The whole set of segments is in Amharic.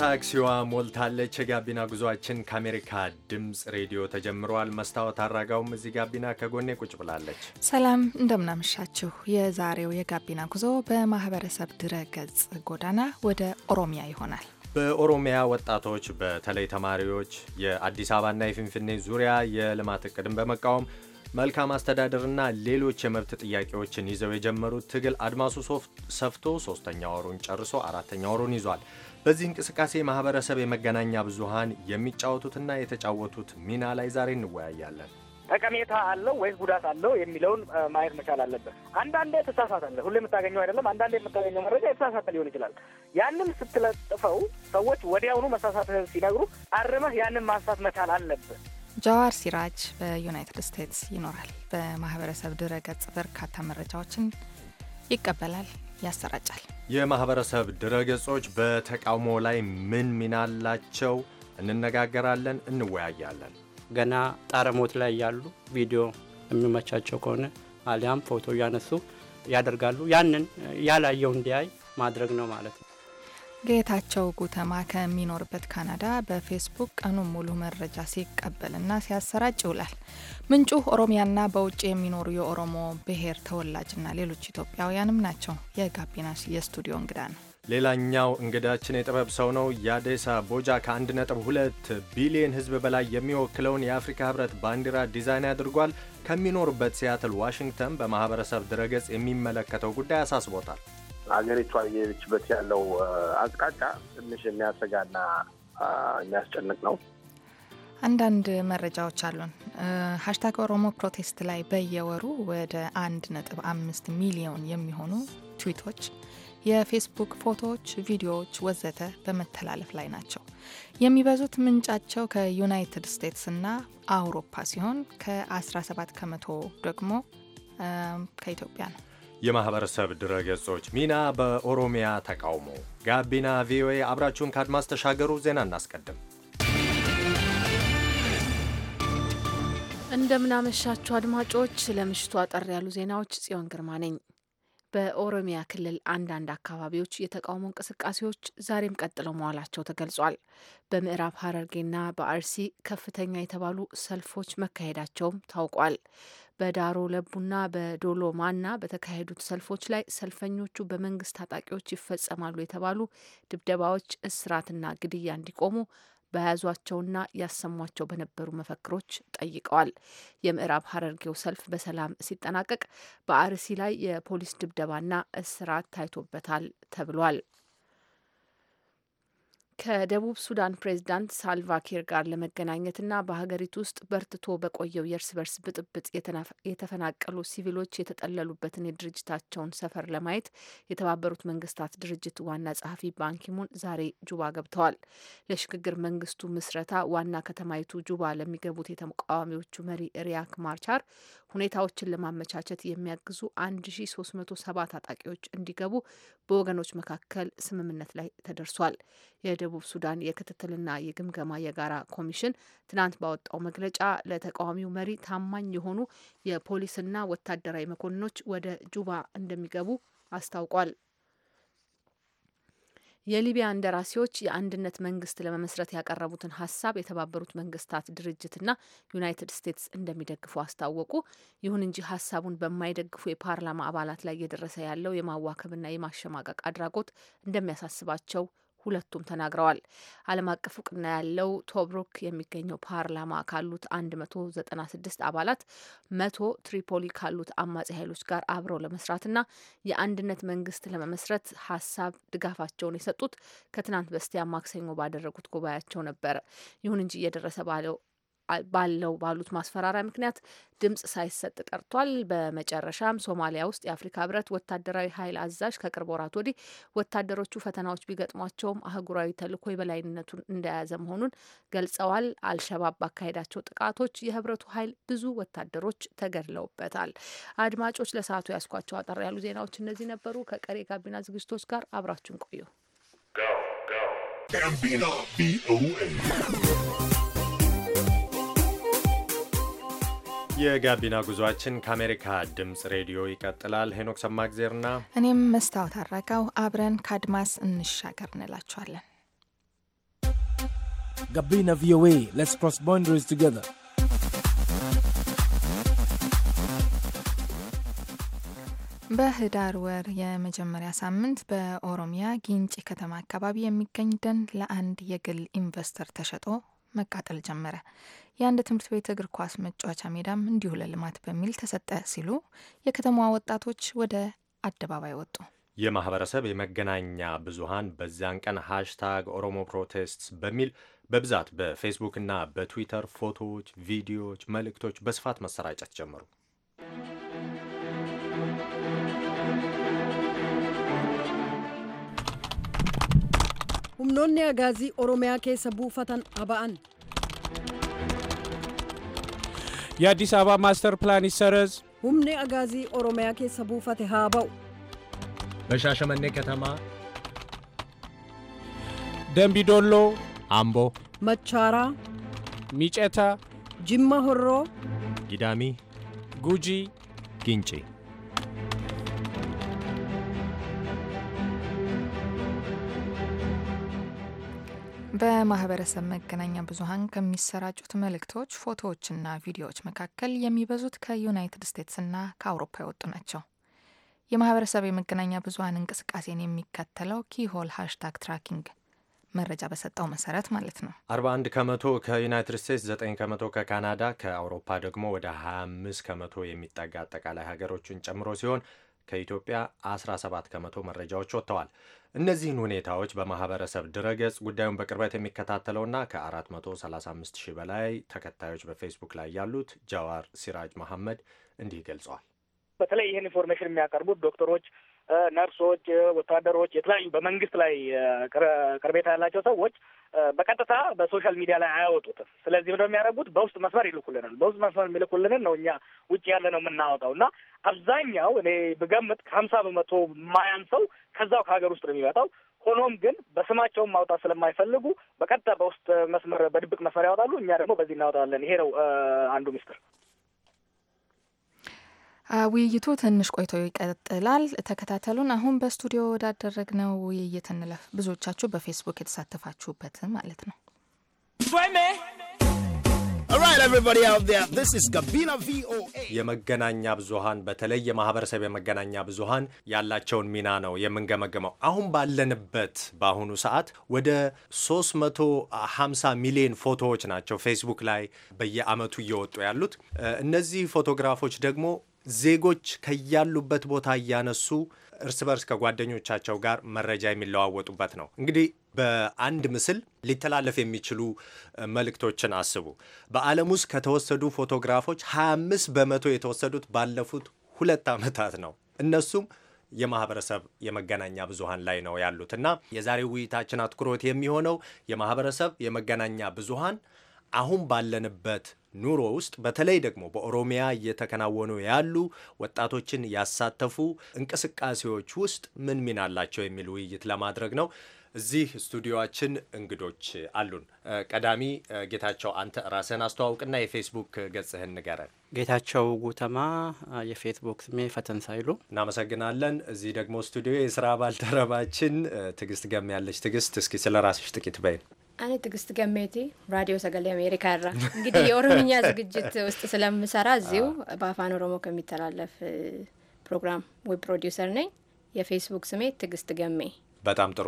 ታክሲዋ ሞልታለች። የጋቢና ጉዟችን ከአሜሪካ ድምፅ ሬዲዮ ተጀምሯል። መስታወት አራጋውም እዚህ ጋቢና ከጎኔ ቁጭ ብላለች። ሰላም እንደምናመሻችሁ። የዛሬው የጋቢና ጉዞ በማህበረሰብ ድረ ገጽ ጎዳና ወደ ኦሮሚያ ይሆናል። በኦሮሚያ ወጣቶች በተለይ ተማሪዎች የአዲስ አበባና የፊንፊኔ ዙሪያ የልማት እቅድን በመቃወም መልካም አስተዳደርና ሌሎች የመብት ጥያቄዎችን ይዘው የጀመሩት ትግል አድማሱ ሰፍቶ ሶስተኛ ወሩን ጨርሶ አራተኛ ወሩን ይዟል። በዚህ እንቅስቃሴ ማህበረሰብ፣ የመገናኛ ብዙሃን የሚጫወቱትና የተጫወቱት ሚና ላይ ዛሬ እንወያያለን። ጠቀሜታ አለው ወይስ ጉዳት አለው የሚለውን ማየት መቻል አለበት። አንዳንዴ ትሳሳታለህ። ሁሌ የምታገኘው አይደለም። አንዳንዴ የምታገኘው መረጃ የተሳሳተ ሊሆን ይችላል። ያንን ስትለጥፈው ሰዎች ወዲያውኑ መሳሳትህን ሲነግሩ አርመህ ያንን ማንሳት መቻል አለብህ። ጃዋር ሲራጅ በዩናይትድ ስቴትስ ይኖራል። በማህበረሰብ ድረገጽ በርካታ መረጃዎችን ይቀበላል፣ ያሰራጫል። የማህበረሰብ ድረገጾች በተቃውሞ ላይ ምን ሚና አላቸው? እንነጋገራለን፣ እንወያያለን። ገና ጣረሞት ላይ ያሉ ቪዲዮ የሚመቻቸው ከሆነ አሊያም ፎቶ እያነሱ ያደርጋሉ። ያንን ያላየው እንዲያይ ማድረግ ነው ማለት ነው። ጌታቸው ጉተማ ከሚኖርበት ካናዳ በፌስቡክ ቀኑን ሙሉ መረጃ ሲቀበልና ሲያሰራጭ ይውላል። ምንጩ ኦሮሚያና በውጭ የሚኖሩ የኦሮሞ ብሔር ተወላጅና ሌሎች ኢትዮጵያውያንም ናቸው። የጋቢና የስቱዲዮ እንግዳ ነው። ሌላኛው እንግዳችን የጥበብ ሰው ነው። ያዴሳ ቦጃ ከ1.2 ቢሊዮን ሕዝብ በላይ የሚወክለውን የአፍሪካ ሕብረት ባንዲራ ዲዛይን አድርጓል። ከሚኖርበት ሲያትል ዋሽንግተን በማህበረሰብ ድረገጽ የሚመለከተው ጉዳይ አሳስቦታል። ሀገሪቷ እየሄደችበት ያለው አቅጣጫ ትንሽ የሚያሰጋና የሚያስጨንቅ ነው። አንዳንድ መረጃዎች አሉን። ሀሽታግ ኦሮሞ ፕሮቴስት ላይ በየወሩ ወደ አንድ ነጥብ አምስት ሚሊዮን የሚሆኑ ትዊቶች፣ የፌስቡክ ፎቶዎች፣ ቪዲዮዎች ወዘተ በመተላለፍ ላይ ናቸው። የሚበዙት ምንጫቸው ከዩናይትድ ስቴትስና አውሮፓ ሲሆን ከ17 ከመቶ ደግሞ ከኢትዮጵያ ነው። የማህበረሰብ ድረገጾች ሚና በኦሮሚያ ተቃውሞ። ጋቢና ቪኦኤ አብራችሁን ከአድማስ ተሻገሩ። ዜና እናስቀድም። እንደምናመሻችሁ አድማጮች፣ ለምሽቱ አጠር ያሉ ዜናዎች ጽዮን ግርማ ነኝ። በኦሮሚያ ክልል አንዳንድ አካባቢዎች የተቃውሞ እንቅስቃሴዎች ዛሬም ቀጥለው መዋላቸው ተገልጿል። በምዕራብ ሐረርጌና በአርሲ ከፍተኛ የተባሉ ሰልፎች መካሄዳቸውም ታውቋል። በዳሮ ለቡና በዶሎ ማና በተካሄዱት ሰልፎች ላይ ሰልፈኞቹ በመንግስት ታጣቂዎች ይፈጸማሉ የተባሉ ድብደባዎች፣ እስራትና ግድያ እንዲቆሙ በያዟቸውና ያሰሟቸው በነበሩ መፈክሮች ጠይቀዋል። የምዕራብ ሐረርጌው ሰልፍ በሰላም ሲጠናቀቅ በአርሲ ላይ የፖሊስ ድብደባና እስራት ታይቶበታል ተብሏል። ከደቡብ ሱዳን ፕሬዝዳንት ሳልቫኪር ጋር ለመገናኘትና በሀገሪቱ ውስጥ በርትቶ በቆየው የእርስ በርስ ብጥብጥ የተፈናቀሉ ሲቪሎች የተጠለሉበትን የድርጅታቸውን ሰፈር ለማየት የተባበሩት መንግስታት ድርጅት ዋና ጸሐፊ ባንኪሙን ዛሬ ጁባ ገብተዋል። ለሽግግር መንግስቱ ምስረታ ዋና ከተማይቱ ጁባ ለሚገቡት የተቃዋሚዎቹ መሪ ሪያክ ማርቻር ሁኔታዎችን ለማመቻቸት የሚያግዙ 1370 ታጣቂዎች እንዲገቡ በወገኖች መካከል ስምምነት ላይ ተደርሷል። የደቡብ ሱዳን የክትትልና የግምገማ የጋራ ኮሚሽን ትናንት ባወጣው መግለጫ ለተቃዋሚው መሪ ታማኝ የሆኑ የፖሊስና ወታደራዊ መኮንኖች ወደ ጁባ እንደሚገቡ አስታውቋል። የሊቢያ እንደራሴዎች የአንድነት መንግስት ለመመስረት ያቀረቡትን ሀሳብ የተባበሩት መንግስታት ድርጅትና ዩናይትድ ስቴትስ እንደሚደግፉ አስታወቁ። ይሁን እንጂ ሀሳቡን በማይደግፉ የፓርላማ አባላት ላይ እየደረሰ ያለው የማዋከብና የማሸማቀቅ አድራጎት እንደሚያሳስባቸው ሁለቱም ተናግረዋል። ዓለም አቀፍ እውቅና ያለው ቶብሩክ የሚገኘው ፓርላማ ካሉት 196 አባላት መቶ ትሪፖሊ ካሉት አማጺ ኃይሎች ጋር አብረው ለመስራትና የአንድነት መንግስት ለመመስረት ሀሳብ ድጋፋቸውን የሰጡት ከትናንት በስቲያ ማክሰኞ ባደረጉት ጉባኤያቸው ነበር ይሁን እንጂ እየደረሰ ባለው ባለው ባሉት ማስፈራሪያ ምክንያት ድምጽ ሳይሰጥ ቀርቷል። በመጨረሻም ሶማሊያ ውስጥ የአፍሪካ ህብረት ወታደራዊ ኃይል አዛዥ ከቅርብ ወራት ወዲህ ወታደሮቹ ፈተናዎች ቢገጥሟቸውም አህጉራዊ ተልዕኮ የበላይነቱን እንደያዘ መሆኑን ገልጸዋል። አልሸባብ ባካሄዳቸው ጥቃቶች የህብረቱ ኃይል ብዙ ወታደሮች ተገድለውበታል። አድማጮች ለሰዓቱ ያስኳቸው አጠር ያሉ ዜናዎች እነዚህ ነበሩ። ከቀሪ ጋቢና ዝግጅቶች ጋር አብራችሁን ቆዩ። የጋቢና ጉዟችን ከአሜሪካ ድምፅ ሬዲዮ ይቀጥላል። ሄኖክ ሰማግዜርና እኔም መስታወት አረጋው አብረን ከአድማስ እንሻገር እንላችኋለን። ጋቢና ቪኦኤ ሌትስ ክሮስ ቦንደሪስ ቱጌዘር በህዳር ወር የመጀመሪያ ሳምንት በኦሮሚያ ጊንጪ ከተማ አካባቢ የሚገኝ ደን ለአንድ የግል ኢንቨስተር ተሸጦ መቃጠል ጀመረ። የአንድ ትምህርት ቤት እግር ኳስ መጫወቻ ሜዳም እንዲሁ ለልማት በሚል ተሰጠ ሲሉ የከተማዋ ወጣቶች ወደ አደባባይ ወጡ። የማህበረሰብ የመገናኛ ብዙሃን በዚያን ቀን ሃሽታግ ኦሮሞ ፕሮቴስት በሚል በብዛት በፌስቡክ እና በትዊተር ፎቶዎች፣ ቪዲዮዎች፣ መልእክቶች በስፋት መሰራጨት ጀመሩ። ሁምኖኔ አጋዚ ኦሮሚያ ኬሰ ቡፈተን አባአን የአዲስ አበባ ማስተር ፕላን ይሰረዝ። ሁምኔ አጋዚ ኦሮሚያ ኬሰ ቡፈቴ ሀ በው በሻሸመኔ ከተማ፣ ደንቢዶሎ፣ አምቦ፣ መቻራ፣ ሚጨታ፣ ጅማ ሆሮ፣ ጊዳሚ፣ ጉጂ፣ ግንጪ በማህበረሰብ መገናኛ ብዙሀን ከሚሰራጩት መልእክቶች፣ ፎቶዎችና ቪዲዮዎች መካከል የሚበዙት ከዩናይትድ ስቴትስና ከአውሮፓ የወጡ ናቸው። የማህበረሰብ የመገናኛ ብዙሀን እንቅስቃሴን የሚከተለው ኪሆል ሃሽታግ ትራኪንግ መረጃ በሰጠው መሰረት ማለት ነው። 41 ከመቶ ከዩናይትድ ስቴትስ፣ 9 ከመቶ ከካናዳ፣ ከአውሮፓ ደግሞ ወደ 25 ከመቶ የሚጠጋ አጠቃላይ ሀገሮችን ጨምሮ ሲሆን ከኢትዮጵያ 17 ከመቶ መረጃዎች ወጥተዋል። እነዚህን ሁኔታዎች በማህበረሰብ ድረገጽ ጉዳዩን በቅርበት የሚከታተለውና ከ435 ሺህ በላይ ተከታዮች በፌስቡክ ላይ ያሉት ጃዋር ሲራጅ መሐመድ እንዲህ ገልጸዋል። በተለይ ይህን ኢንፎርሜሽን የሚያቀርቡት ዶክተሮች ነርሶች፣ ወታደሮች፣ የተለያዩ በመንግስት ላይ ቅርቤታ ያላቸው ሰዎች በቀጥታ በሶሻል ሚዲያ ላይ አያወጡትም። ስለዚህ ምንድነው የሚያደርጉት? በውስጥ መስመር ይልኩልናል። በውስጥ መስመር የሚልኩልንን ነው እኛ ውጭ ያለ ነው የምናወጣው እና አብዛኛው እኔ ብገምት ከሀምሳ በመቶ ማያን ሰው ከዛው ከሀገር ውስጥ ነው የሚመጣው። ሆኖም ግን በስማቸውን ማውጣት ስለማይፈልጉ በቀጥታ በውስጥ መስመር በድብቅ መስመር ያወጣሉ። እኛ ደግሞ በዚህ እናወጣለን። ይሄ ነው አንዱ ሚስጥር። ውይይቱ ትንሽ ቆይቶ ይቀጥላል። ተከታተሉን። አሁን በስቱዲዮ ወዳደረግነው ውይይት እንለፍ። ብዙዎቻችሁ በፌስቡክ የተሳተፋችሁበት ማለት ነው። የመገናኛ ብዙኃን በተለይ የማህበረሰብ የመገናኛ ብዙሃን ያላቸውን ሚና ነው የምንገመገመው። አሁን ባለንበት በአሁኑ ሰዓት ወደ 350 ሚሊዮን ፎቶዎች ናቸው ፌስቡክ ላይ በየአመቱ እየወጡ ያሉት። እነዚህ ፎቶግራፎች ደግሞ ዜጎች ከያሉበት ቦታ እያነሱ እርስ በርስ ከጓደኞቻቸው ጋር መረጃ የሚለዋወጡበት ነው። እንግዲህ በአንድ ምስል ሊተላለፍ የሚችሉ መልእክቶችን አስቡ። በዓለም ውስጥ ከተወሰዱ ፎቶግራፎች 25 በመቶ የተወሰዱት ባለፉት ሁለት ዓመታት ነው። እነሱም የማህበረሰብ የመገናኛ ብዙሃን ላይ ነው ያሉት እና የዛሬው ውይይታችን አትኩሮት የሚሆነው የማህበረሰብ የመገናኛ ብዙሃን አሁን ባለንበት ኑሮ ውስጥ በተለይ ደግሞ በኦሮሚያ እየተከናወኑ ያሉ ወጣቶችን ያሳተፉ እንቅስቃሴዎች ውስጥ ምን ሚና አላቸው የሚል ውይይት ለማድረግ ነው። እዚህ ስቱዲዮችን እንግዶች አሉን። ቀዳሚ ጌታቸው፣ አንተ ራስህን አስተዋውቅና የፌስቡክ ገጽህን ንገረን። ጌታቸው ጉተማ የፌስቡክ ስሜ ፈተን ሳይሉ። እናመሰግናለን። እዚህ ደግሞ ስቱዲዮ የስራ ባልደረባችን ትግስት ገም ያለች። እስኪ ስለ ራስሽ ጥቂት በይን። እኔ ትግስት ገሜቴ ራዲዮ ሰገሌ አሜሪካ ራ እንግዲህ የኦሮምኛ ዝግጅት ውስጥ ስለምሰራ እዚሁ በአፋን ኦሮሞ ከሚተላለፍ ፕሮግራም ዌብ ፕሮዲውሰር ነኝ። የፌስቡክ ስሜ ትግስት ገሜ። በጣም ጥሩ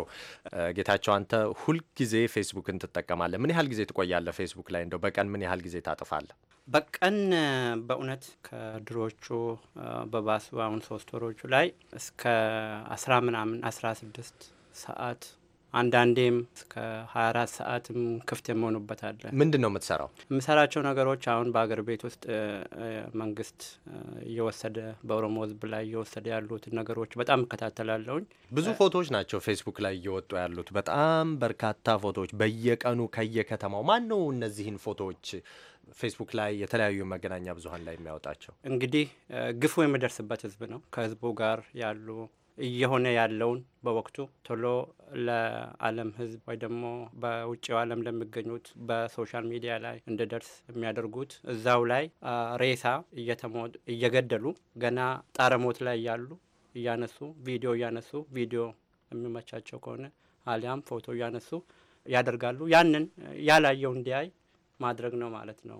ጌታቸው፣ አንተ ሁልጊዜ ፌስቡክን ትጠቀማለህ። ምን ያህል ጊዜ ትቆያለህ ፌስቡክ ላይ? እንደው በቀን ምን ያህል ጊዜ ታጥፋለህ? በቀን በእውነት ከድሮቹ በባሱ አሁን ሶስት ወሮቹ ላይ እስከ አስራ ምናምን አስራ ስድስት ሰዓት አንዳንዴም እስከ 24 ሰዓትም ክፍት የመሆኑበት አለ። ምንድን ነው የምትሰራው? የምሰራቸው ነገሮች አሁን በአገር ቤት ውስጥ መንግስት እየወሰደ በኦሮሞ ህዝብ ላይ እየወሰደ ያሉትን ነገሮች በጣም እከታተላለሁኝ። ብዙ ፎቶዎች ናቸው ፌስቡክ ላይ እየወጡ ያሉት፣ በጣም በርካታ ፎቶዎች በየቀኑ ከየከተማው። ማን ነው እነዚህን ፎቶዎች ፌስቡክ ላይ የተለያዩ መገናኛ ብዙሀን ላይ የሚያወጣቸው? እንግዲህ ግፉ የሚደርስበት ህዝብ ነው። ከህዝቡ ጋር ያሉ እየሆነ ያለውን በወቅቱ ቶሎ ለዓለም ሕዝብ ወይ ደግሞ በውጭው ዓለም ለሚገኙት በሶሻል ሚዲያ ላይ እንዲደርስ የሚያደርጉት እዛው ላይ ሬሳ እየገደሉ ገና ጣረሞት ላይ እያሉ እያነሱ ቪዲዮ እያነሱ ቪዲዮ የሚመቻቸው ከሆነ አሊያም ፎቶ እያነሱ ያደርጋሉ። ያንን ያላየው እንዲያይ ማድረግ ነው ማለት ነው።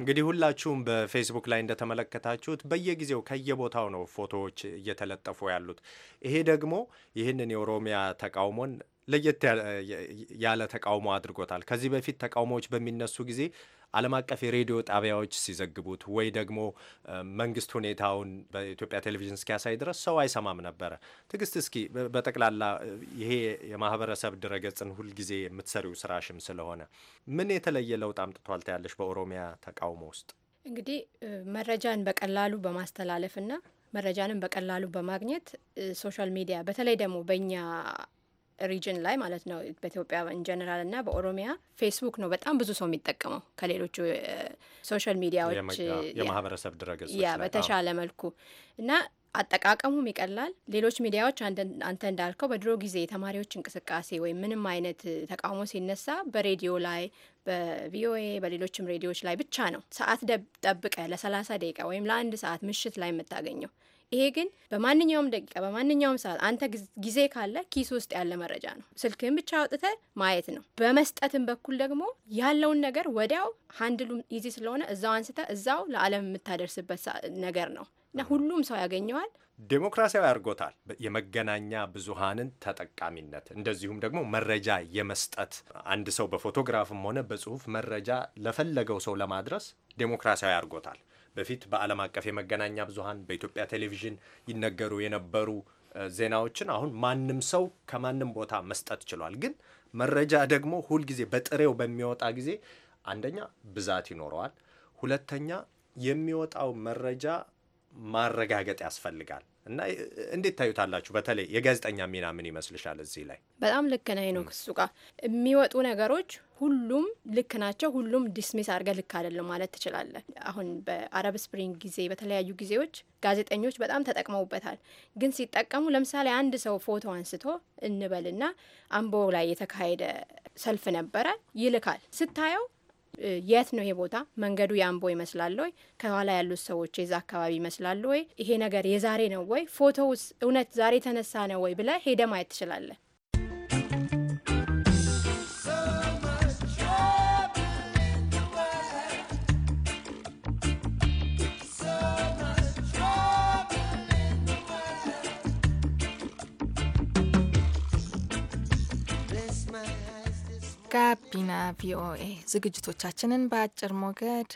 እንግዲህ ሁላችሁም በፌስቡክ ላይ እንደተመለከታችሁት በየጊዜው ከየቦታው ነው ፎቶዎች እየተለጠፉ ያሉት። ይሄ ደግሞ ይህንን የኦሮሚያ ተቃውሞን ለየት ያለ ተቃውሞ አድርጎታል። ከዚህ በፊት ተቃውሞዎች በሚነሱ ጊዜ ዓለም አቀፍ የሬዲዮ ጣቢያዎች ሲዘግቡት ወይ ደግሞ መንግስት ሁኔታውን በኢትዮጵያ ቴሌቪዥን እስኪያሳይ ድረስ ሰው አይሰማም ነበረ። ትግስት እስኪ በጠቅላላ ይሄ የማህበረሰብ ድረገጽን ሁልጊዜ የምትሰሪው ስራሽም ስለሆነ ምን የተለየ ለውጥ አምጥቷል ታያለሽ? በኦሮሚያ ተቃውሞ ውስጥ እንግዲህ መረጃን በቀላሉ በማስተላለፍና መረጃንም በቀላሉ በማግኘት ሶሻል ሚዲያ በተለይ ደግሞ በእኛ ሪጅን ላይ ማለት ነው በኢትዮጵያ ኢንጀነራል እና በኦሮሚያ ፌስቡክ ነው በጣም ብዙ ሰው የሚጠቀመው ከሌሎቹ ሶሻል ሚዲያዎች የማህበረሰብ ድረገጾች በተሻለ መልኩ እና አጠቃቀሙም ይቀላል። ሌሎች ሚዲያዎች አንተ እንዳልከው በድሮ ጊዜ የተማሪዎች እንቅስቃሴ ወይም ምንም አይነት ተቃውሞ ሲነሳ በሬዲዮ ላይ በቪኦኤ በሌሎችም ሬዲዮዎች ላይ ብቻ ነው ሰዓት ጠብቀ ለሰላሳ ደቂቃ ወይም ለአንድ ሰዓት ምሽት ላይ የምታገኘው። ይሄ ግን በማንኛውም ደቂቃ በማንኛውም ሰዓት አንተ ጊዜ ካለ ኪስ ውስጥ ያለ መረጃ ነው። ስልክህን ብቻ አውጥተ ማየት ነው። በመስጠትም በኩል ደግሞ ያለውን ነገር ወዲያው ሀንድሉ ይዚ ስለሆነ እዛው አንስተ እዛው ለዓለም የምታደርስበት ነገር ነው እና ሁሉም ሰው ያገኘዋል። ዴሞክራሲያዊ አድርጎታል የመገናኛ ብዙሃንን ተጠቃሚነት። እንደዚሁም ደግሞ መረጃ የመስጠት አንድ ሰው በፎቶግራፍም ሆነ በጽሁፍ መረጃ ለፈለገው ሰው ለማድረስ ዴሞክራሲያዊ አድርጎታል። በፊት በዓለም አቀፍ የመገናኛ ብዙሀን በኢትዮጵያ ቴሌቪዥን ይነገሩ የነበሩ ዜናዎችን አሁን ማንም ሰው ከማንም ቦታ መስጠት ችሏል። ግን መረጃ ደግሞ ሁልጊዜ በጥሬው በሚወጣ ጊዜ አንደኛ ብዛት ይኖረዋል፣ ሁለተኛ የሚወጣው መረጃ ማረጋገጥ ያስፈልጋል እና እንዴት ታዩታላችሁ? በተለይ የጋዜጠኛ ሚና ምን ይመስልሻል? እዚህ ላይ በጣም ልክ ነው ክሱ ጋር የሚወጡ ነገሮች ሁሉም ልክ ናቸው። ሁሉም ዲስሚስ አድርገ ልክ አይደለም ማለት ትችላለህ። አሁን በአረብ ስፕሪንግ ጊዜ በተለያዩ ጊዜዎች ጋዜጠኞች በጣም ተጠቅመውበታል። ግን ሲጠቀሙ ለምሳሌ አንድ ሰው ፎቶ አንስቶ እንበልና አምቦ ላይ የተካሄደ ሰልፍ ነበረ ይልካል ስታየው የት ነው ይሄ ቦታ? መንገዱ የአምቦ ይመስላል ወይ? ከኋላ ያሉት ሰዎች የዛ አካባቢ ይመስላሉ ወይ? ይሄ ነገር የዛሬ ነው ወይ? ፎቶውስ እውነት ዛሬ የተነሳ ነው ወይ ብለህ ሄደ ማየት ትችላለህ። ጋቢና ቪኦኤ ዝግጅቶቻችንን በአጭር ሞገድ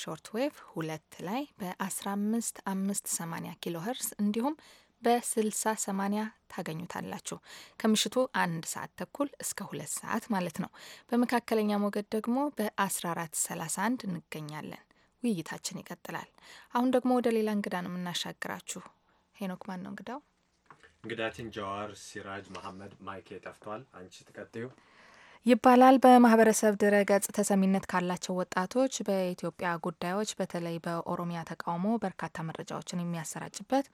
ሾርት ዌቭ ሁለት ላይ በ15580 ኪሎ ሄርስ እንዲሁም በ6080 ታገኙታላችሁ። ከምሽቱ አንድ ሰዓት ተኩል እስከ ሁለት ሰዓት ማለት ነው። በመካከለኛ ሞገድ ደግሞ በ1431 እንገኛለን። ውይይታችን ይቀጥላል። አሁን ደግሞ ወደ ሌላ እንግዳ ነው የምናሻግራችሁ። ሄኖክ ማን ነው እንግዳው? እንግዳችን ጀዋር ሲራጅ መሐመድ ማይኬ ጠፍቷል። አንቺ ትቀጥዩ ይባላል በማህበረሰብ ድረገጽ ተሰሚነት ካላቸው ወጣቶች በኢትዮጵያ ጉዳዮች በተለይ በኦሮሚያ ተቃውሞ በርካታ መረጃዎችን የሚያሰራጭበት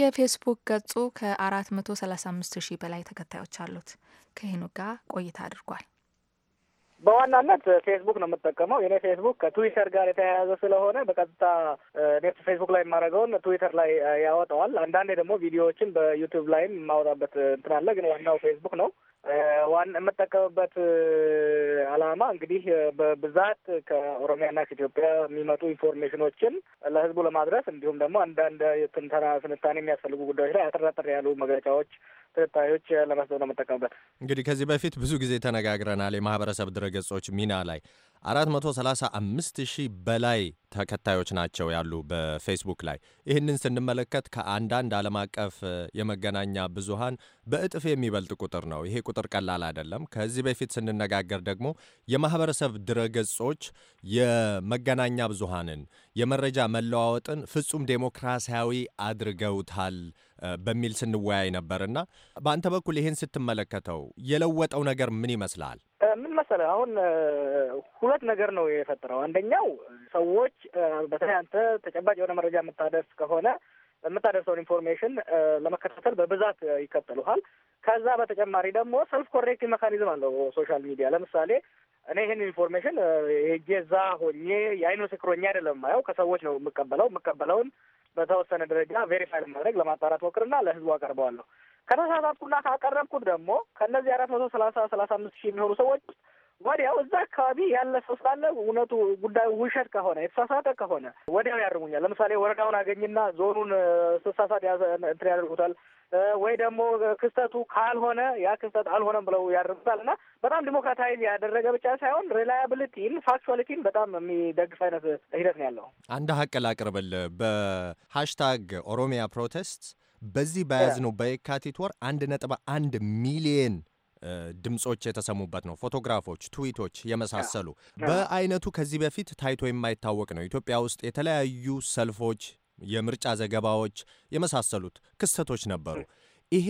የፌስቡክ ገጹ ከ435 ሺህ በላይ ተከታዮች አሉት። ከሄኑ ጋር ቆይታ አድርጓል። በዋናነት ፌስቡክ ነው የምጠቀመው። የኔ ፌስቡክ ከትዊተር ጋር የተያያዘ ስለሆነ በቀጥታ እኔ ፌስቡክ ላይ የማደርገውን ትዊተር ላይ ያወጣዋል። አንዳንዴ ደግሞ ቪዲዮዎችን በዩቱብ ላይም የማወጣበት እንትን አለ። ግን ዋናው ፌስቡክ ነው። ዋና የምጠቀምበት አላማ እንግዲህ በብዛት ከኦሮሚያና ከኢትዮጵያ የሚመጡ ኢንፎርሜሽኖችን ለህዝቡ ለማድረስ እንዲሁም ደግሞ አንዳንድ ትንተና ትንታኔ የሚያስፈልጉ ጉዳዮች ላይ አጠራጠር ያሉ መግለጫዎች ተከታዮች ለማስደብ ነው የምጠቀምበት። እንግዲህ ከዚህ በፊት ብዙ ጊዜ ተነጋግረናል። የማህበረሰብ ድረገጾች ሚና ላይ አራት ሺህ በላይ ተከታዮች ናቸው ያሉ በፌስቡክ ላይ። ይህንን ስንመለከት ከአንዳንድ ዓለም አቀፍ የመገናኛ ብዙሃን በእጥፍ የሚበልጥ ቁጥር ነው። ይሄ ቁጥር ቀላል አይደለም። ከዚህ በፊት ስንነጋገር ደግሞ የማህበረሰብ ድረገጾች የመገናኛ ብዙሃንን የመረጃ መለዋወጥን ፍጹም ዴሞክራሲያዊ አድርገውታል በሚል ስንወያይ ነበርና በአንተ በኩል ይህን ስትመለከተው የለወጠው ነገር ምን ይመስላል? ምን መሰለህ፣ አሁን ሁለት ነገር ነው የፈጠረው። አንደኛው ሰዎች በተለይ አንተ ተጨባጭ የሆነ መረጃ የምታደርስ ከሆነ የምታደርሰውን ኢንፎርሜሽን ለመከታተል በብዛት ይከተሉሃል። ከዛ በተጨማሪ ደግሞ ሰልፍ ኮሬክቲ መካኒዝም አለው ሶሻል ሚዲያ። ለምሳሌ እኔ ይህን ኢንፎርሜሽን ሄጄ እዛ ሆኜ የአይኑ ምስክሮኛ አይደለም ማየው ከሰዎች ነው የምቀበለው። የምቀበለውን በተወሰነ ደረጃ ቬሪፋይ ለማድረግ ለማጣራት ሞክርና ለህዝቡ አቀርበዋለሁ። ከተሳሳትኩና ካቀረብኩት ደግሞ ከእነዚህ አራት መቶ ሰላሳ ሰላሳ አምስት ሺህ የሚሆኑ ሰዎች ወዲያው እዛ አካባቢ ያለ ሰው ስላለ እውነቱ ጉዳዩ ውሸት ከሆነ የተሳሳተ ከሆነ ወዲያው ያርሙኛል። ለምሳሌ ወረዳውን አገኝና ዞኑን ስሳሳት እንትን ያደርጉታል ወይ ደግሞ ክስተቱ ካልሆነ ያ ክስተት አልሆነም ብለው ያደርጉታል። እና በጣም ዲሞክራታይዝ ያደረገ ብቻ ሳይሆን ሪላያብሊቲን ፋክቹዋሊቲን በጣም የሚደግፍ አይነት ሂደት ነው ያለው። አንድ ሀቅ ላቅርብል። በሀሽታግ ኦሮሚያ ፕሮቴስት በዚህ በያዝነው በየካቲት ወር አንድ ነጥብ አንድ ሚሊየን ድምጾች የተሰሙበት ነው። ፎቶግራፎች፣ ትዊቶች የመሳሰሉ በአይነቱ ከዚህ በፊት ታይቶ የማይታወቅ ነው። ኢትዮጵያ ውስጥ የተለያዩ ሰልፎች፣ የምርጫ ዘገባዎች የመሳሰሉት ክስተቶች ነበሩ። ይሄ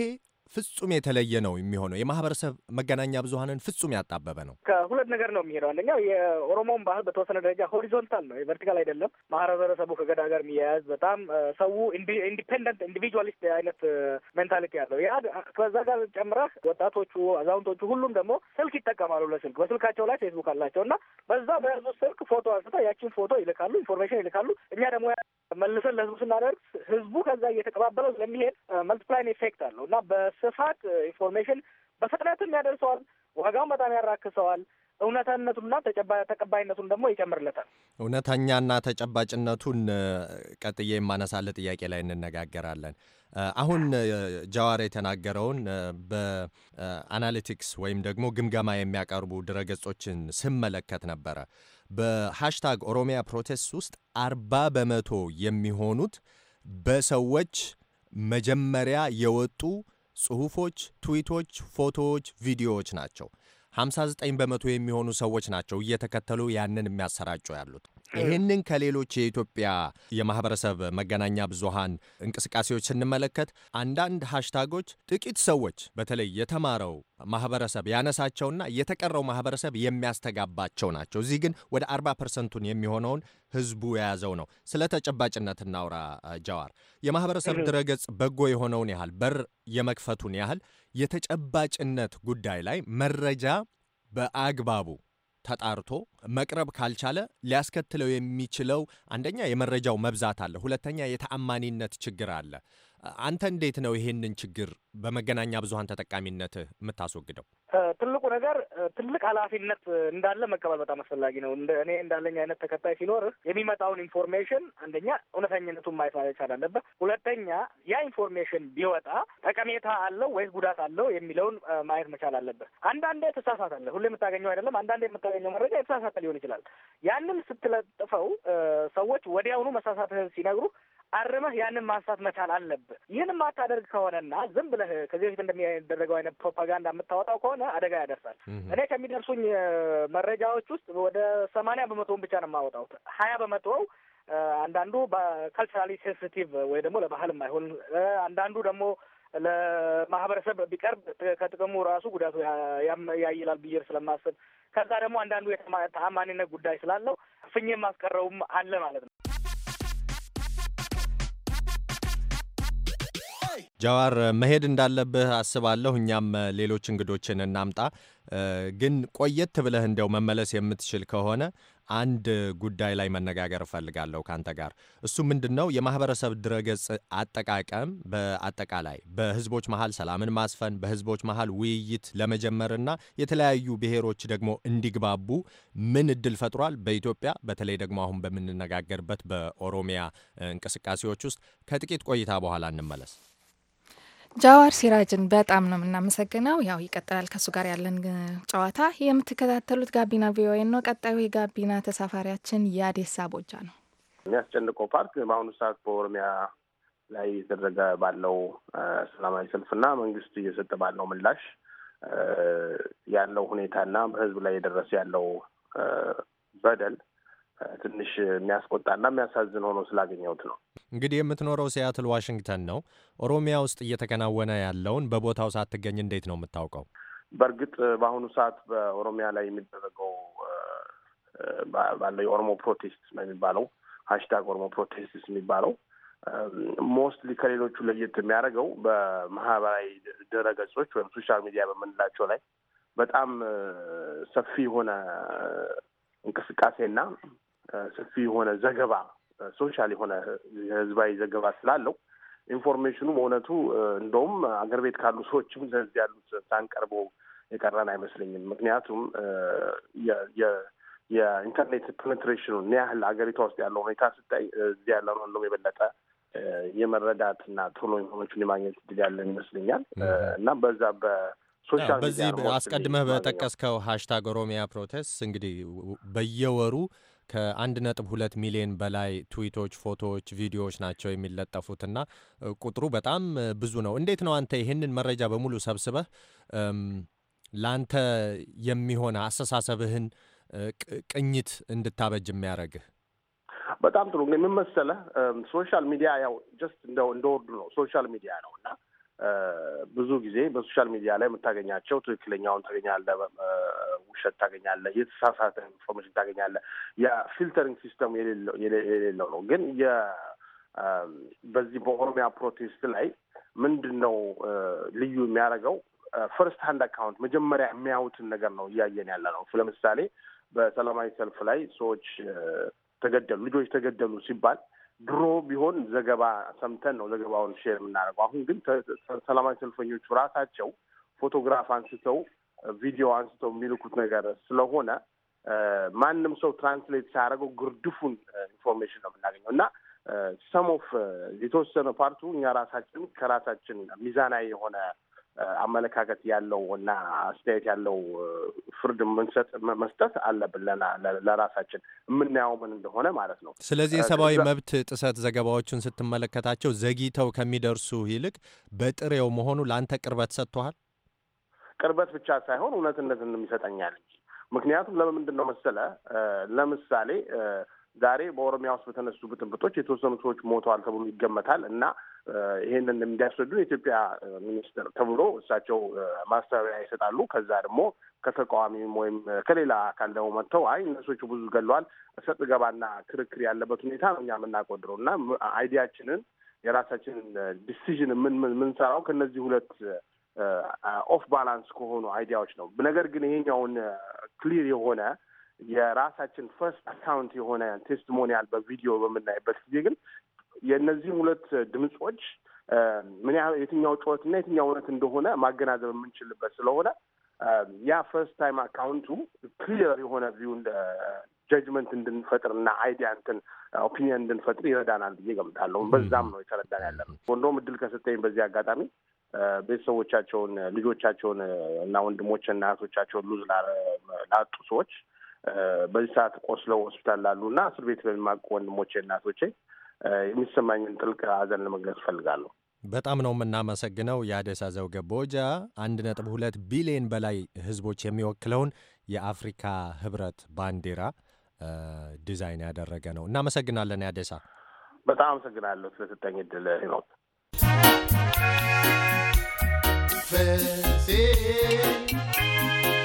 ፍጹም የተለየ ነው የሚሆነው። የማህበረሰብ መገናኛ ብዙሀንን ፍጹም ያጣበበ ነው። ከሁለት ነገር ነው የሚሄደው። አንደኛው የኦሮሞውን ባህል በተወሰነ ደረጃ ሆሪዞንታል ነው፣ የቨርቲካል አይደለም። ማህበረሰቡ ከገዳ ጋር የሚያያዝ በጣም ሰው ኢንዲፔንደንት ኢንዲቪጁዋሊስት አይነት ሜንታሊቲ ያለው ያ ከዛ ጋር ጨምረህ ወጣቶቹ፣ አዛውንቶቹ ሁሉም ደግሞ ስልክ ይጠቀማሉ። ለስልክ በስልካቸው ላይ ፌስቡክ አላቸው እና በዛ በህዝቡ ስልክ ፎቶ አንስታ ያችን ፎቶ ይልካሉ፣ ኢንፎርሜሽን ይልካሉ። እኛ ደግሞ መልሰን ለህዝቡ ስናደርግ ህዝቡ ከዛ እየተቀባበለው ስለሚሄድ መልቲፕላይን ኢፌክት አለው እና በስፋት ኢንፎርሜሽን በፍጥነትም ያደርሰዋል። ዋጋውን በጣም ያራክሰዋል። እውነታነቱና ተቀባይነቱን ደግሞ ይጨምርለታል። እውነተኛና ተጨባጭነቱን ቀጥዬ የማነሳለ ጥያቄ ላይ እንነጋገራለን። አሁን ጀዋር የተናገረውን በአናሊቲክስ ወይም ደግሞ ግምገማ የሚያቀርቡ ድረገጾችን ስመለከት ነበረ። በሃሽታግ ኦሮሚያ ፕሮቴስት ውስጥ አርባ በመቶ የሚሆኑት በሰዎች መጀመሪያ የወጡ ጽሑፎች፣ ትዊቶች፣ ፎቶዎች፣ ቪዲዮዎች ናቸው። 59 በመቶ የሚሆኑ ሰዎች ናቸው እየተከተሉ ያንን የሚያሰራጩ ያሉት። ይህንን ከሌሎች የኢትዮጵያ የማህበረሰብ መገናኛ ብዙሃን እንቅስቃሴዎች ስንመለከት አንዳንድ ሃሽታጎች ጥቂት ሰዎች በተለይ የተማረው ማህበረሰብ ያነሳቸውና የተቀረው ማህበረሰብ የሚያስተጋባቸው ናቸው። እዚህ ግን ወደ 40 ፐርሰንቱን የሚሆነውን ህዝቡ የያዘው ነው። ስለ ተጨባጭነት እናውራ። ጀዋር፣ የማህበረሰብ ድረገጽ በጎ የሆነውን ያህል በር የመክፈቱን ያህል የተጨባጭነት ጉዳይ ላይ መረጃ በአግባቡ ተጣርቶ መቅረብ ካልቻለ ሊያስከትለው የሚችለው አንደኛ የመረጃው መብዛት አለ፣ ሁለተኛ የተአማኒነት ችግር አለ። አንተ እንዴት ነው ይሄንን ችግር በመገናኛ ብዙሀን ተጠቃሚነት የምታስወግደው? ትልቁ ነገር ትልቅ ኃላፊነት እንዳለ መቀበል በጣም አስፈላጊ ነው። እኔ እንዳለኝ አይነት ተከታይ ሲኖርህ የሚመጣውን ኢንፎርሜሽን አንደኛ እውነተኝነቱን ማየት መቻል አለበት። ሁለተኛ ያ ኢንፎርሜሽን ቢወጣ ጠቀሜታ አለው ወይስ ጉዳት አለው የሚለውን ማየት መቻል አለበት። አንዳንዴ ትሳሳታለህ። ሁሌ የምታገኘው አይደለም። አንዳንዴ የምታገኘው መረጃ የተሳሳተ ሊሆን ይችላል። ያንን ስትለጥፈው ሰዎች ወዲያውኑ መሳሳትህን ሲነግሩ አርመህ ያንን ማንሳት መቻል አለብህ። አለብህ። ይህን የማታደርግ ከሆነና ዝም ብለህ ከዚህ በፊት እንደሚደረገው አይነት ፕሮፓጋንዳ የምታወጣው ከሆነ አደጋ ያደርሳል። እኔ ከሚደርሱኝ መረጃዎች ውስጥ ወደ ሰማንያ በመቶውን ብቻ ነው የማወጣው። ሀያ በመቶው አንዳንዱ በካልቸራሊ ሴንስቲቭ ወይ ደግሞ ለባህል የማይሆን አንዳንዱ ደግሞ ለማህበረሰብ ቢቀርብ ከጥቅሙ ራሱ ጉዳቱ ያይላል ብዬ ስለማስብ ከዛ ደግሞ አንዳንዱ የተአማኒነት ጉዳይ ስላለው ፍኝ ማስቀረውም አለ ማለት ነው። ጃዋር መሄድ እንዳለብህ አስባለሁ። እኛም ሌሎች እንግዶችን እናምጣ። ግን ቆየት ብለህ እንደው መመለስ የምትችል ከሆነ አንድ ጉዳይ ላይ መነጋገር እፈልጋለሁ ከአንተ ጋር። እሱ ምንድን ነው? የማህበረሰብ ድረገጽ አጠቃቀም በአጠቃላይ በህዝቦች መሀል ሰላምን ማስፈን፣ በህዝቦች መሀል ውይይት ለመጀመርና የተለያዩ ብሔሮች ደግሞ እንዲግባቡ ምን እድል ፈጥሯል? በኢትዮጵያ በተለይ ደግሞ አሁን በምንነጋገርበት በኦሮሚያ እንቅስቃሴዎች ውስጥ ከጥቂት ቆይታ በኋላ እንመለስ። ጃዋር ሲራጅን በጣም ነው የምናመሰግነው። ያው ይቀጥላል ከሱ ጋር ያለን ጨዋታ። የምትከታተሉት ጋቢና ቪኦኤ ነው። ቀጣዩ የጋቢና ተሳፋሪያችን ያዴሳ ቦጃ ነው። የሚያስጨንቀው ፓርክ በአሁኑ ሰዓት በኦሮሚያ ላይ የተደረገ ባለው ሰላማዊ ሰልፍና መንግስት እየሰጠ ባለው ምላሽ ያለው ሁኔታና በህዝብ ላይ የደረሰ ያለው በደል ትንሽ የሚያስቆጣና የሚያሳዝን ሆኖ ስላገኘሁት ነው። እንግዲህ የምትኖረው ሲያትል ዋሽንግተን ነው። ኦሮሚያ ውስጥ እየተከናወነ ያለውን በቦታው ሳትገኝ እንዴት ነው የምታውቀው? በእርግጥ በአሁኑ ሰዓት በኦሮሚያ ላይ የሚደረገው ባለው የኦሮሞ ፕሮቴስት ነው የሚባለው ሀሽታግ ኦሮሞ ፕሮቴስት የሚባለው ሞስትሊ ከሌሎቹ ለየት የሚያደርገው በማህበራዊ ድረገጾች ወይም ሶሻል ሚዲያ በምንላቸው ላይ በጣም ሰፊ የሆነ እንቅስቃሴና ሰፊ የሆነ ዘገባ ሶሻል የሆነ ህዝባዊ ዘገባ ስላለው ኢንፎርሜሽኑ በእውነቱ እንደውም አገር ቤት ካሉ ሰዎችም ዘንድ ያሉት ሳንቀርበው የቀረን አይመስለኝም። ምክንያቱም የኢንተርኔት ፔኔትሬሽኑ እኒ ያህል ሀገሪቷ ውስጥ ያለው ሁኔታ ስታይ እዚህ ያለው ሁሉም የበለጠ የመረዳት እና ቶሎ ኢንፎርሜሽን የማግኘት እድል ያለን ይመስለኛል እና በዛ በ በዚህ አስቀድመህ በጠቀስከው ሀሽታግ ኦሮሚያ ፕሮቴስት እንግዲህ በየወሩ ከ1.2 ሚሊዮን በላይ ትዊቶች፣ ፎቶዎች፣ ቪዲዮዎች ናቸው የሚለጠፉትና ቁጥሩ በጣም ብዙ ነው። እንዴት ነው አንተ ይህንን መረጃ በሙሉ ሰብስበህ ለአንተ የሚሆነ አስተሳሰብህን ቅኝት እንድታበጅ የሚያደርግህ? በጣም ጥሩ። ምን መሰለህ ሶሻል ሚዲያ ያው ጀስት እንደ ወርዱ ነው ሶሻል ሚዲያ ነው እና ብዙ ጊዜ በሶሻል ሚዲያ ላይ የምታገኛቸው ትክክለኛውን ታገኛለህ፣ ውሸት ታገኛለህ፣ የተሳሳተ ኢንፎርሜሽን ታገኛለህ። የፊልተሪንግ ሲስተም የሌለው ነው። ግን በዚህ በኦሮሚያ ፕሮቴስት ላይ ምንድን ነው ልዩ የሚያደርገው? ፈርስት ሀንድ አካውንት መጀመሪያ የሚያዩትን ነገር ነው እያየን ያለ ነው። ለምሳሌ በሰላማዊ ሰልፍ ላይ ሰዎች ተገደሉ፣ ልጆች ተገደሉ ሲባል ድሮ ቢሆን ዘገባ ሰምተን ነው ዘገባውን ሼር የምናደርገው። አሁን ግን ሰላማዊ ሰልፈኞቹ ራሳቸው ፎቶግራፍ አንስተው ቪዲዮ አንስተው የሚልኩት ነገር ስለሆነ ማንም ሰው ትራንስሌት ሳያደርገው ግርድፉን ኢንፎርሜሽን ነው የምናገኘው እና ሰም ኦፍ የተወሰነ ፓርቱ እኛ ራሳችን ከራሳችን ሚዛናዊ የሆነ አመለካከት ያለው እና አስተያየት ያለው ፍርድ ምንሰጥ መስጠት አለብን ለራሳችን የምናየው ምን እንደሆነ ማለት ነው። ስለዚህ የሰብአዊ መብት ጥሰት ዘገባዎችን ስትመለከታቸው ዘግይተው ከሚደርሱ ይልቅ በጥሬው መሆኑ ለአንተ ቅርበት ሰጥቶሃል? ቅርበት ብቻ ሳይሆን እውነትነትን ይሰጠኛል። ምክንያቱም ለምንድን ነው መሰለ ለምሳሌ ዛሬ በኦሮሚያ ውስጥ በተነሱ ብጥብጦች የተወሰኑ ሰዎች ሞተዋል ተብሎ ይገመታል እና ይሄንን እንዲያስረዱ የኢትዮጵያ ሚኒስትር ተብሎ እሳቸው ማስተባበያ ይሰጣሉ። ከዛ ደግሞ ከተቃዋሚም ወይም ከሌላ አካል ደግሞ መጥተው አይ እነሶቹ ብዙ ገለዋል፣ ሰጥ ገባና ክርክር ያለበት ሁኔታ ነው እኛ የምናቆድረው እና አይዲያችንን የራሳችንን ዲሲዥን የምንሰራው ከነዚህ ሁለት ኦፍ ባላንስ ከሆኑ አይዲያዎች ነው። ነገር ግን ይሄኛውን ክሊር የሆነ የራሳችን ፈርስት አካውንት የሆነ ቴስቲሞኒያል በቪዲዮ በምናይበት ጊዜ ግን የእነዚህም ሁለት ድምፆች ምን ያህል የትኛው እና የትኛው እውነት እንደሆነ ማገናዘብ የምንችልበት ስለሆነ ያ ፈርስት ታይም አካውንቱ ክሊየር የሆነ ቪው ጀጅመንት እንድንፈጥር እና አይዲያ እንትን ኦፒኒየን እንድንፈጥር ይረዳናል ብዬ ገምታለሁ። በዛም ነው የተረዳን ያለ ነው። እድል ከሰጠኝ በዚህ አጋጣሚ ቤተሰቦቻቸውን፣ ልጆቻቸውን እና ወንድሞችና እህቶቻቸውን ሉዝ ላጡ ሰዎች በዚህ ሰዓት ቆስለው ሆስፒታል ላሉ እና እስር ቤት ለሚማቁ ወንድሞቼ፣ እናቶቼ የሚሰማኝን ጥልቅ ሐዘን ለመግለጽ እፈልጋለሁ። በጣም ነው የምናመሰግነው የአደሳ ዘውገ ቦጃ አንድ ነጥብ ሁለት ቢሊዮን በላይ ህዝቦች የሚወክለውን የአፍሪካ ህብረት ባንዲራ ዲዛይን ያደረገ ነው። እናመሰግናለን የአደሳ በጣም አመሰግናለሁ ስለሰጠኝ እድል ሄኖክ።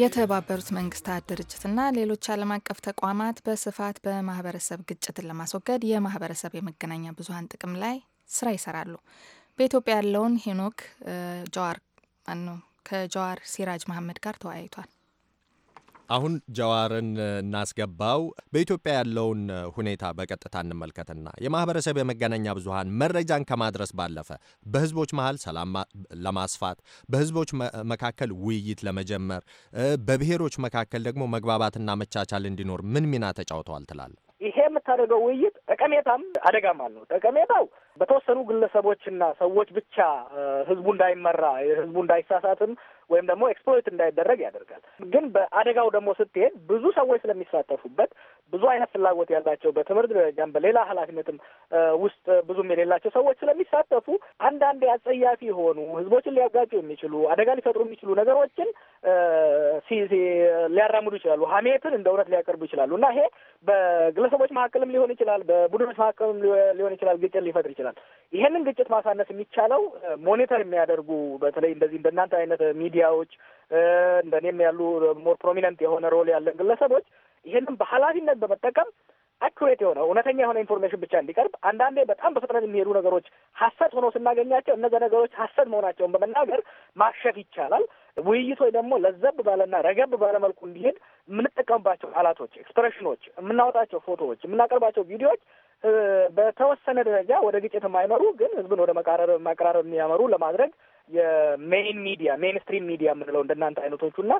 የተባበሩት መንግስታት ድርጅትና ሌሎች ዓለም አቀፍ ተቋማት በስፋት በማህበረሰብ ግጭትን ለማስወገድ የማህበረሰብ የመገናኛ ብዙሀን ጥቅም ላይ ስራ ይሰራሉ። በኢትዮጵያ ያለውን ሄኖክ ጀዋር ከጀዋር ሲራጅ መሀመድ ጋር ተወያይቷል። አሁን ጀዋርን እናስገባው። በኢትዮጵያ ያለውን ሁኔታ በቀጥታ እንመልከትና የማህበረሰብ የመገናኛ ብዙሃን መረጃን ከማድረስ ባለፈ በህዝቦች መሀል ሰላም ለማስፋት፣ በህዝቦች መካከል ውይይት ለመጀመር፣ በብሔሮች መካከል ደግሞ መግባባትና መቻቻል እንዲኖር ምን ሚና ተጫውተዋል ትላል? ይሄ የምታደርገው ውይይት ጠቀሜታም አደጋም አለው። ጠቀሜታው በተወሰኑ ግለሰቦችና ሰዎች ብቻ ህዝቡ እንዳይመራ ህዝቡ እንዳይሳሳትም ወይም ደግሞ ኤክስፕሎይት እንዳይደረግ ያደርጋል። ግን በአደጋው ደግሞ ስትሄድ ብዙ ሰዎች ስለሚሳተፉበት ብዙ አይነት ፍላጎት ያላቸው በትምህርት ደረጃም በሌላ ኃላፊነትም ውስጥ ብዙም የሌላቸው ሰዎች ስለሚሳተፉ አንዳንድ አጸያፊ የሆኑ ህዝቦችን ሊያጋጩ የሚችሉ አደጋ ሊፈጥሩ የሚችሉ ነገሮችን ሊያራምዱ ይችላሉ። ሀሜትን እንደ እውነት ሊያቀርቡ ይችላሉ እና ይሄ በግለሰቦች መካከልም ሊሆን ይችላል፣ በቡድኖች መካከልም ሊሆን ይችላል፣ ግጭት ሊፈጥር ይችላል። ይችላል። ይሄንን ግጭት ማሳነስ የሚቻለው ሞኒተር የሚያደርጉ በተለይ እንደዚህ እንደናንተ አይነት ሚዲያዎች እንደኔም ያሉ ሞር ፕሮሚነንት የሆነ ሮል ያለን ግለሰቦች ይሄንን በኃላፊነት በመጠቀም አኩሬት የሆነ እውነተኛ የሆነ ኢንፎርሜሽን ብቻ እንዲቀርብ፣ አንዳንዴ በጣም በፍጥነት የሚሄዱ ነገሮች ሀሰት ሆኖ ስናገኛቸው እነዚያ ነገሮች ሀሰት መሆናቸውን በመናገር ማሸፍ ይቻላል። ውይይቶች ደግሞ ለዘብ ባለና ረገብ ባለመልኩ እንዲሄድ የምንጠቀምባቸው ቃላቶች፣ ኤክስፕሬሽኖች፣ የምናወጣቸው ፎቶዎች፣ የምናቀርባቸው ቪዲዮዎች በተወሰነ ደረጃ ወደ ግጭት የማይመሩ ግን ህዝብን ወደ መቃረር መቀራረብ የሚያመሩ ለማድረግ የሜይን ሚዲያ ሜንስትሪም ሚዲያ የምንለው እንደናንተ አይነቶቹና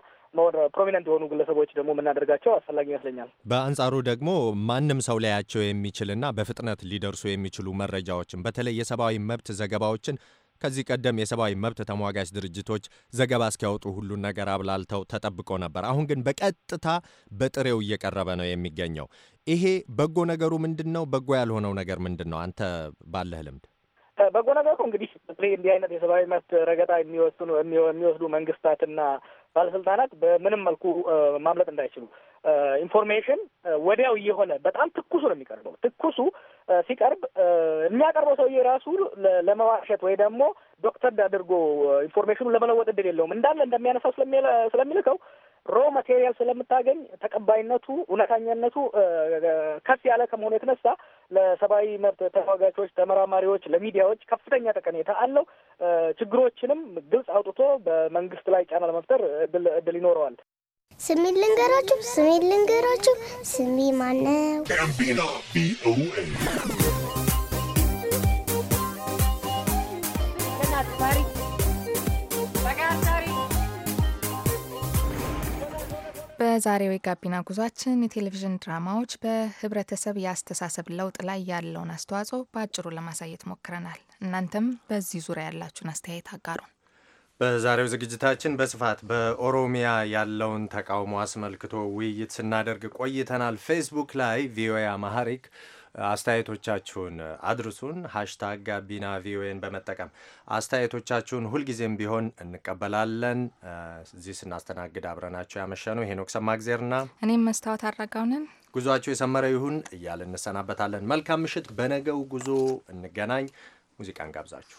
ፕሮሚነንት የሆኑ ግለሰቦች ደግሞ የምናደርጋቸው አስፈላጊ ይመስለኛል። በአንጻሩ ደግሞ ማንም ሰው ላያቸው የሚችልና በፍጥነት ሊደርሱ የሚችሉ መረጃዎችን በተለይ የሰብአዊ መብት ዘገባዎችን ከዚህ ቀደም የሰብአዊ መብት ተሟጋች ድርጅቶች ዘገባ እስኪያወጡ ሁሉን ነገር አብላልተው ተጠብቆ ነበር። አሁን ግን በቀጥታ በጥሬው እየቀረበ ነው የሚገኘው። ይሄ በጎ ነገሩ ምንድን ነው? በጎ ያልሆነው ነገር ምንድን ነው? አንተ ባለህ ልምድ በጎ ነገሩ እንግዲህ እንዲህ አይነት የሰብአዊ መብት ረገጣ የሚወስኑ የሚወስዱ መንግስታትና ባለስልጣናት በምንም መልኩ ማምለጥ እንዳይችሉ ኢንፎርሜሽን ወዲያው እየሆነ በጣም ትኩሱ ነው የሚቀርበው። ትኩሱ ሲቀርብ የሚያቀርበው ሰውዬ ራሱ ለመዋሸት ወይ ደግሞ ዶክተር አድርጎ ኢንፎርሜሽኑን ለመለወጥ እድል የለውም። እንዳለ እንደሚያነሳው ስለሚልከው ሮ ማቴሪያል ስለምታገኝ ተቀባይነቱ፣ እውነተኛነቱ ከፍ ያለ ከመሆኑ የተነሳ ለሰብአዊ መብት ተሟጋቾች፣ ተመራማሪዎች፣ ለሚዲያዎች ከፍተኛ ጠቀሜታ አለው። ችግሮችንም ግልጽ አውጥቶ በመንግስት ላይ ጫና ለመፍጠር እድል ይኖረዋል። ስሜ ልንገራችሁ ስሜ ልንገራችሁ ስሜ ማነው? በዛሬው የጋቢና ጉዟችን የቴሌቪዥን ድራማዎች በህብረተሰብ የአስተሳሰብ ለውጥ ላይ ያለውን አስተዋጽኦ በአጭሩ ለማሳየት ሞክረናል። እናንተም በዚህ ዙሪያ ያላችሁን አስተያየት አጋሩን። በዛሬው ዝግጅታችን በስፋት በኦሮሚያ ያለውን ተቃውሞ አስመልክቶ ውይይት ስናደርግ ቆይተናል። ፌስቡክ ላይ ቪኦኤ አማሃሪክ አስተያየቶቻችሁን አድርሱን። ሀሽታግ ጋቢና ቪኦኤን በመጠቀም አስተያየቶቻችሁን ሁልጊዜም ቢሆን እንቀበላለን። እዚህ ስናስተናግድ አብረናቸው ነው ሄኖክ ሰማግዜርና እኔም መስታወት አድረጋውንን ጉዟችሁ የሰመረ ይሁን እያል እንሰናበታለን። መልካም ምሽት። በነገው ጉዞ እንገናኝ። ሙዚቃን ጋብዛችሁ